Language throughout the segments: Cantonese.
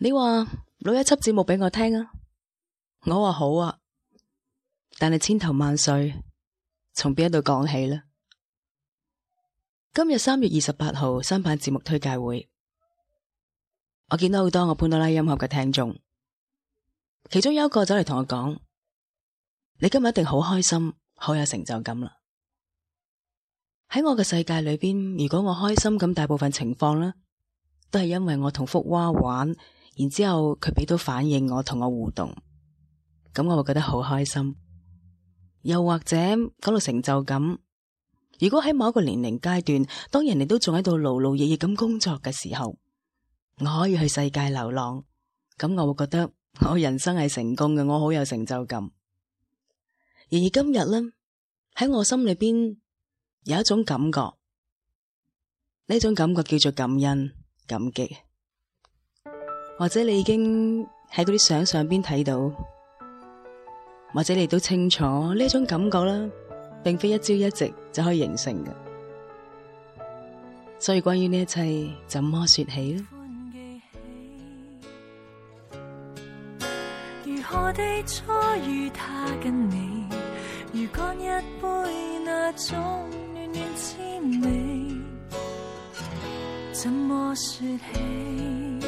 你話錄一輯節目俾我聽啊，我話好啊，但係千頭萬緒，從邊一度講起呢？今日三月二十八號新版節目推介會，我見到好多我潘多拉音樂嘅聽眾，其中有一個走嚟同我講：你今日一定好開心，好有成就感啦！喺我嘅世界裏邊，如果我開心咁，大部分情況呢，都係因為我同福娃玩。然之後佢俾到反應我，我同我互動，咁我會覺得好開心。又或者講到成就感。如果喺某一個年齡階段，當人哋都仲喺度勞勞役役咁工作嘅時候，我可以去世界流浪，咁我會覺得我人生係成功嘅，我好有成就感。然而今日呢，喺我心裏邊有一種感覺，呢種感覺叫做感恩、感激。或者你已經喺嗰啲相上邊睇到，或者你都清楚呢種感覺啦，並非一朝一夕就可以形成嘅。所以關於呢一切，怎麼說起呢？如何地初遇他嘅你？如一杯，那種暖暖之美，怎麼說起？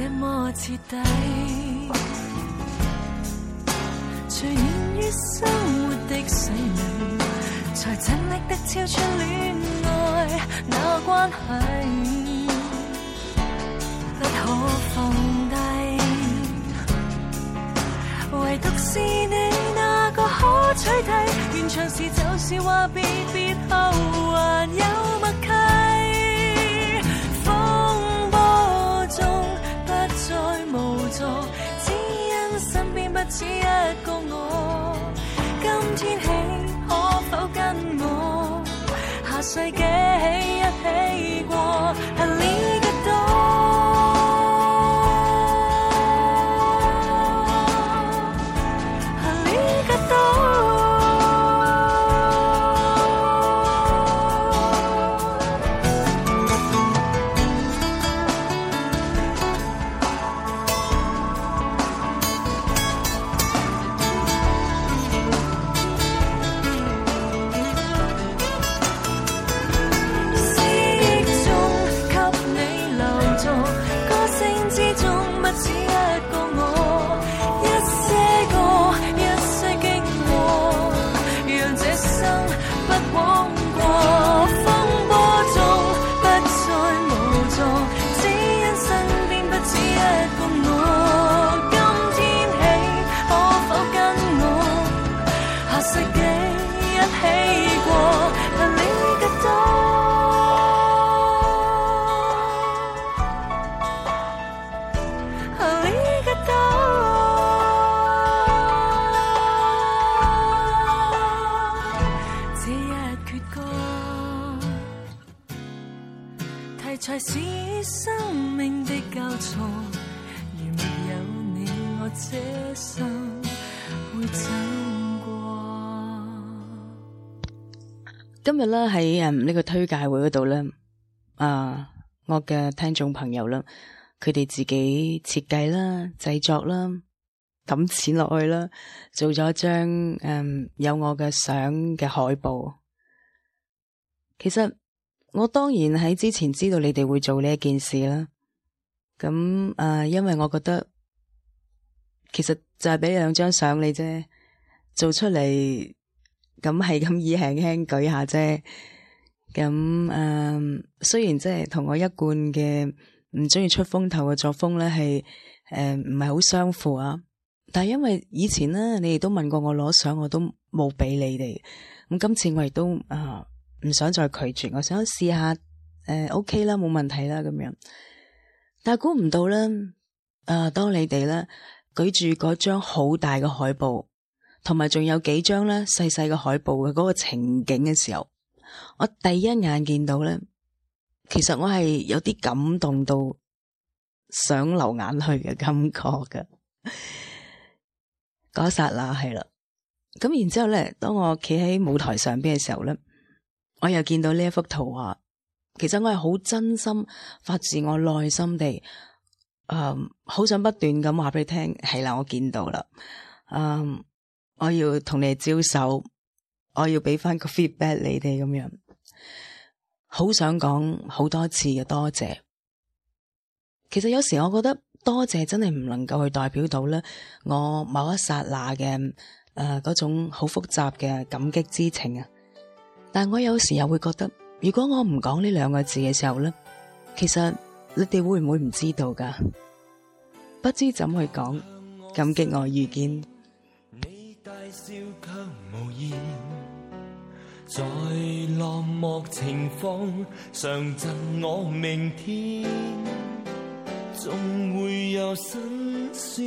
這麼徹底，隨年月於生活的水泥，在親暱的超出戀愛那關係，不可放低。唯獨是你那個可取替，完場時就是話別，別後還有默契。只因身邊不止一個我，今天起可否跟我下世紀起？今日咧喺嗯呢個推介會嗰度咧，啊我嘅聽眾朋友啦，佢哋自己設計啦、製作啦、抌錢落去啦，做咗張嗯有我嘅相嘅海報。其實我當然喺之前知道你哋會做呢一件事啦。咁啊，因為我覺得其實就係俾兩張相你啫，做出嚟。咁係咁以輕輕舉下啫，咁誒、呃，雖然即係同我一貫嘅唔中意出風頭嘅作風咧，係誒唔係好相符啊。但係因為以前咧，你哋都問過我攞相，我都冇俾你哋。咁今次我亦都啊，唔、呃、想再拒絕，我想試下誒、呃，OK 啦，冇問題啦，咁樣。但係估唔到咧，啊、呃，當你哋咧舉住嗰張好大嘅海報。同埋仲有幾張咧細細嘅海報嘅嗰個情景嘅時候，我第一眼見到咧，其實我係有啲感動到想流眼淚嘅感覺噶。嗰 一剎那係啦，咁然之後咧，當我企喺舞台上邊嘅時候咧，我又見到呢一幅圖畫。其實我係好真心發自我內心地，嗯，好想不斷咁話俾你聽，係啦，我見到啦，嗯。我要同你招手，我要畀翻個 feedback 你哋咁樣，好想講好多次嘅多謝。其實有時我覺得多謝真係唔能夠去代表到咧，我某一剎那嘅誒嗰種好複雜嘅感激之情啊。但我有時又會覺得，如果我唔講呢兩個字嘅時候咧，其實你哋會唔會唔知道噶？不知怎去講，感激我遇見。微笑卻無言，在落寞情況常贈我明天，總會有辛酸，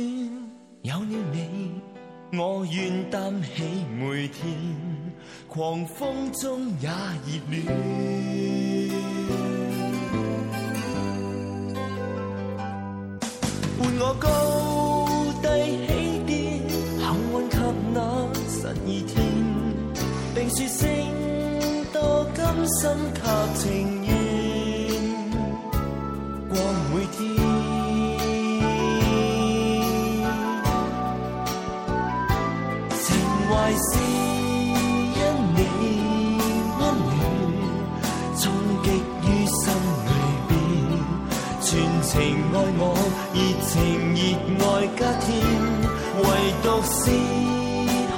有了你，我願擔起每天狂風中也熱戀。 熱情熱愛、加添，唯獨是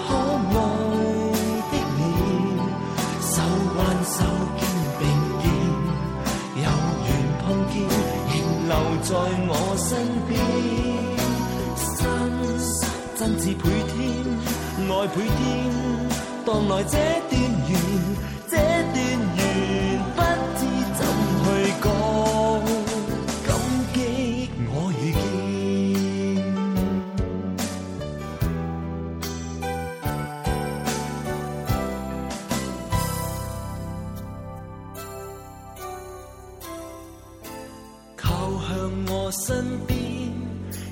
可愛的臉，手挽手肩並肩，有緣碰見，仍留在我身邊。身真心真摯，倍添，愛，倍添，當來這段。我身邊，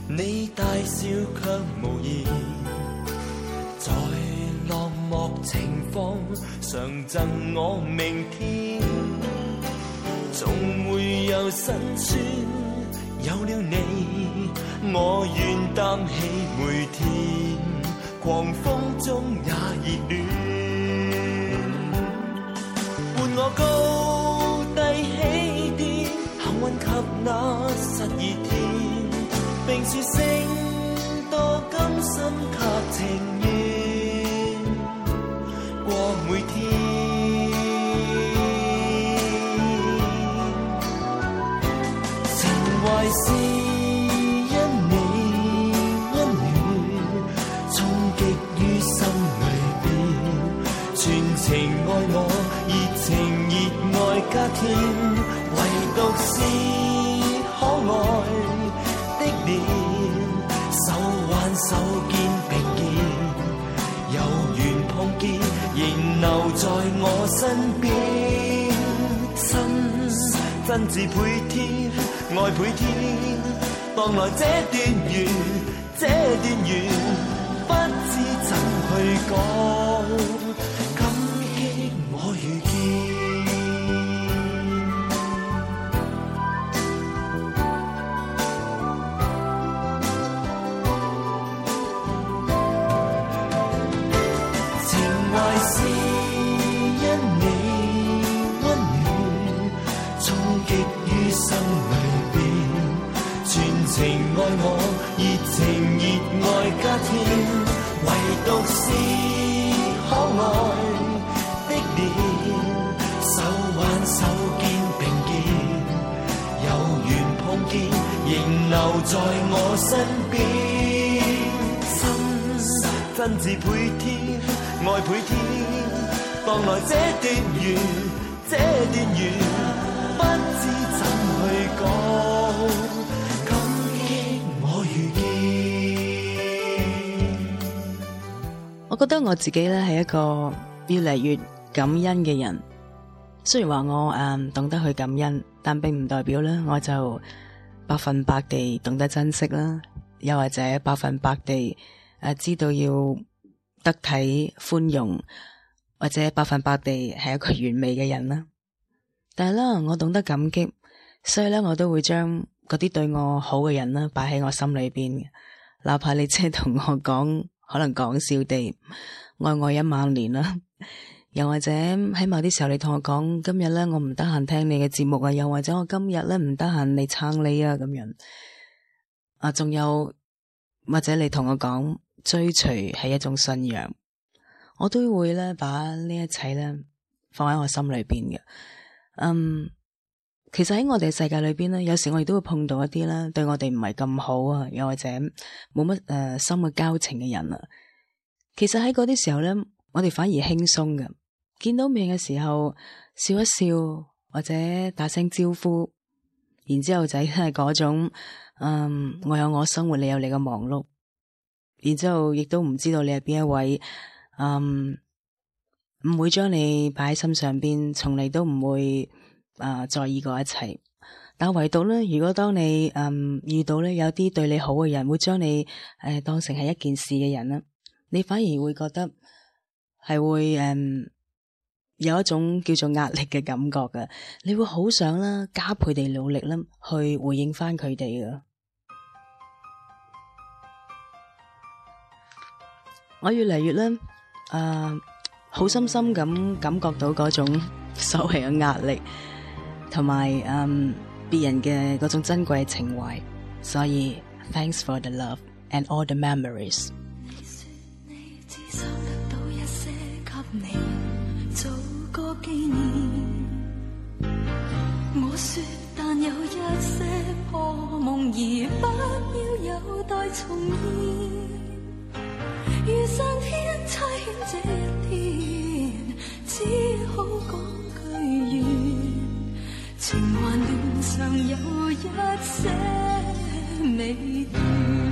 你大笑卻無言，在落寞情況，常贈我明天。總會有辛酸，有了你，我願擔起每天，狂風中也熱戀，伴我高。合那十二天，並說聲多甘心及情願過每天。情懷是因你溫暖衝擊於心裏邊，全情愛我，熱情熱愛加添。真摯配天，愛配天，當來這段緣，這段緣不知怎去講。段緣不知怎去講，感激我遇見，我覺得我自己咧係一個越嚟越感恩嘅人，雖然話我誒、嗯、懂得去感恩，但並唔代表咧我就百分百地懂得珍惜啦，又或者百分百地誒知道要。得體、寬容或者百分百地係一個完美嘅人啦，但係啦，我懂得感激，所以咧，我都會將嗰啲對我好嘅人咧擺喺我心裏邊嘅，哪怕你即係同我講，可能講笑地愛我一萬年啦，又或者喺某啲時候你同我講，今日咧我唔得閒聽你嘅節目啊，又或者我今日咧唔得閒嚟你撐你啊咁樣，啊，仲有或者你同我講。追隨係一種信仰，我都會咧把呢一切咧放喺我心裏邊嘅。嗯，其實喺我哋世界裏邊咧，有時我亦都會碰到一啲咧對我哋唔係咁好啊，又或者冇乜誒深嘅交情嘅人啊。其實喺嗰啲時候咧，我哋反而輕鬆嘅，見到面嘅時候笑一笑或者打聲招呼，然之後就係嗰種，嗯，我有我生活，你有你嘅忙碌。然之後，亦都唔知道你係邊一位，嗯，唔會將你擺喺心上邊，從嚟都唔會誒、呃、在意過一切。但唯獨咧，如果當你嗯遇到咧有啲對你好嘅人，會將你誒、呃、當成係一件事嘅人咧，你反而會覺得係會誒、嗯、有一種叫做壓力嘅感覺㗎。你會好想啦加倍地努力啦去回應返佢哋㗎。我越嚟越咧，誒、uh,，好深深咁感覺到嗰種所謂嘅壓力，同埋嗯，別、um, 人嘅嗰種珍貴嘅情懷，所、so, 以，thanks for the love and all the memories。你說你只想得到一些給你做個紀念。我說但有一些破夢而不要有待重現但天差遣這一天，只好講句願，情還戀上有一些未斷。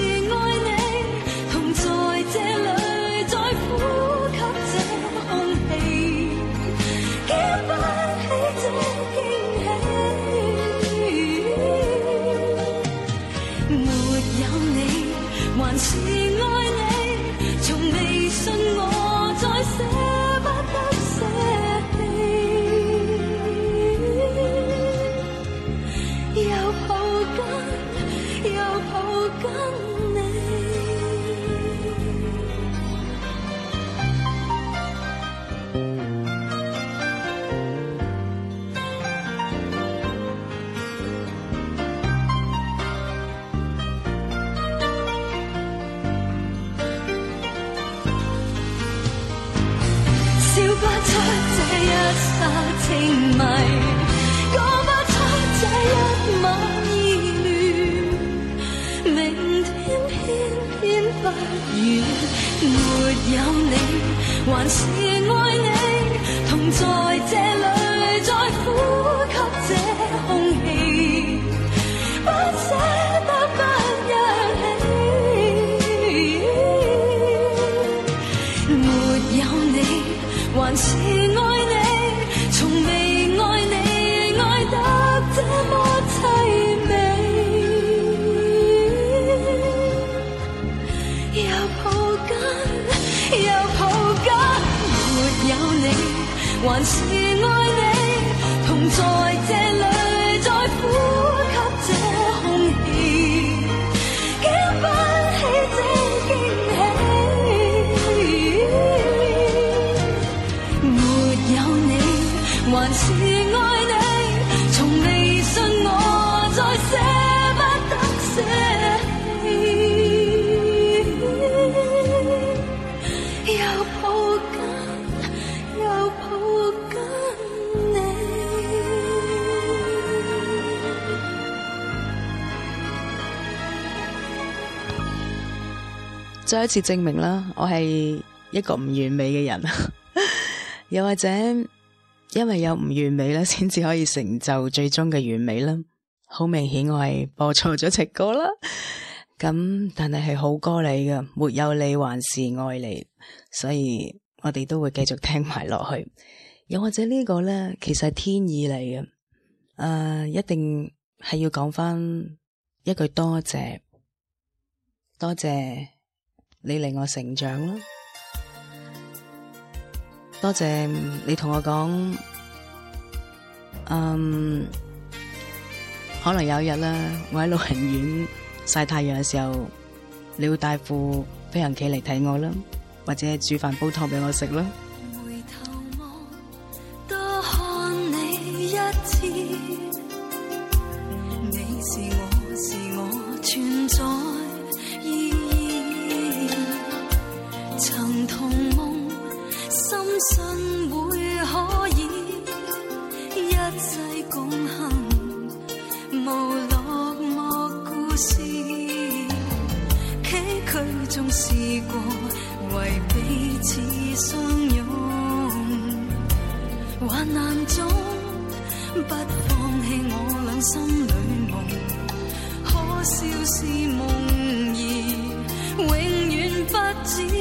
遠，沒有你，還是。再一次證明啦，我係一個唔完美嘅人， 又或者因為有唔完美咧，先至可以成就最終嘅完美啦。好 明顯我係播錯咗情歌啦，咁 但係係好歌嚟嘅，沒有你還是愛你，所以我哋都會繼續聽埋落去。又或者呢個呢，其實係天意嚟嘅，誒、呃，一定係要講翻一句多謝，多謝。多謝你令我成長啦，多謝你同我講，嗯，可能有日啦，我喺老人院曬太陽嘅時候，你會帶副飛行棋嚟睇我啦，或者煮飯煲湯俾我食啦。試過為彼此相擁，患難中不放棄，我倆心裏夢。可笑是夢兒永遠不至。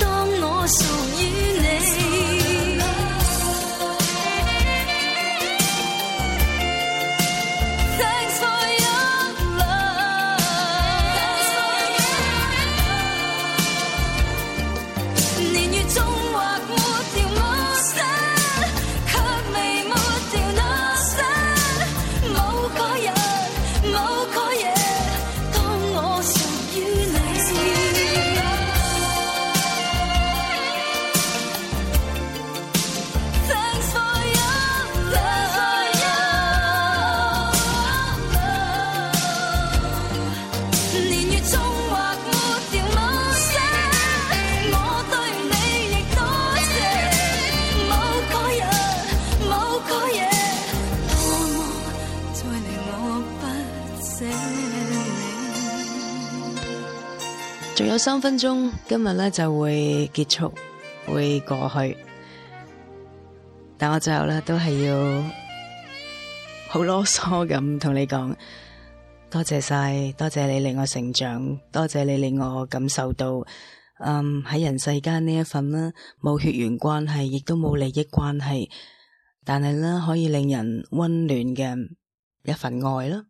當我屬於。三分鐘，今日咧，就會結束，會過去。但係我最後咧，都係要好囉嗦咁同你講，多謝晒，多謝你令我成長，多謝你令我感受到，嗯喺人世間呢一份呢，冇血緣關係，亦都冇利益關係，但係咧可以令人温暖嘅一份愛啦。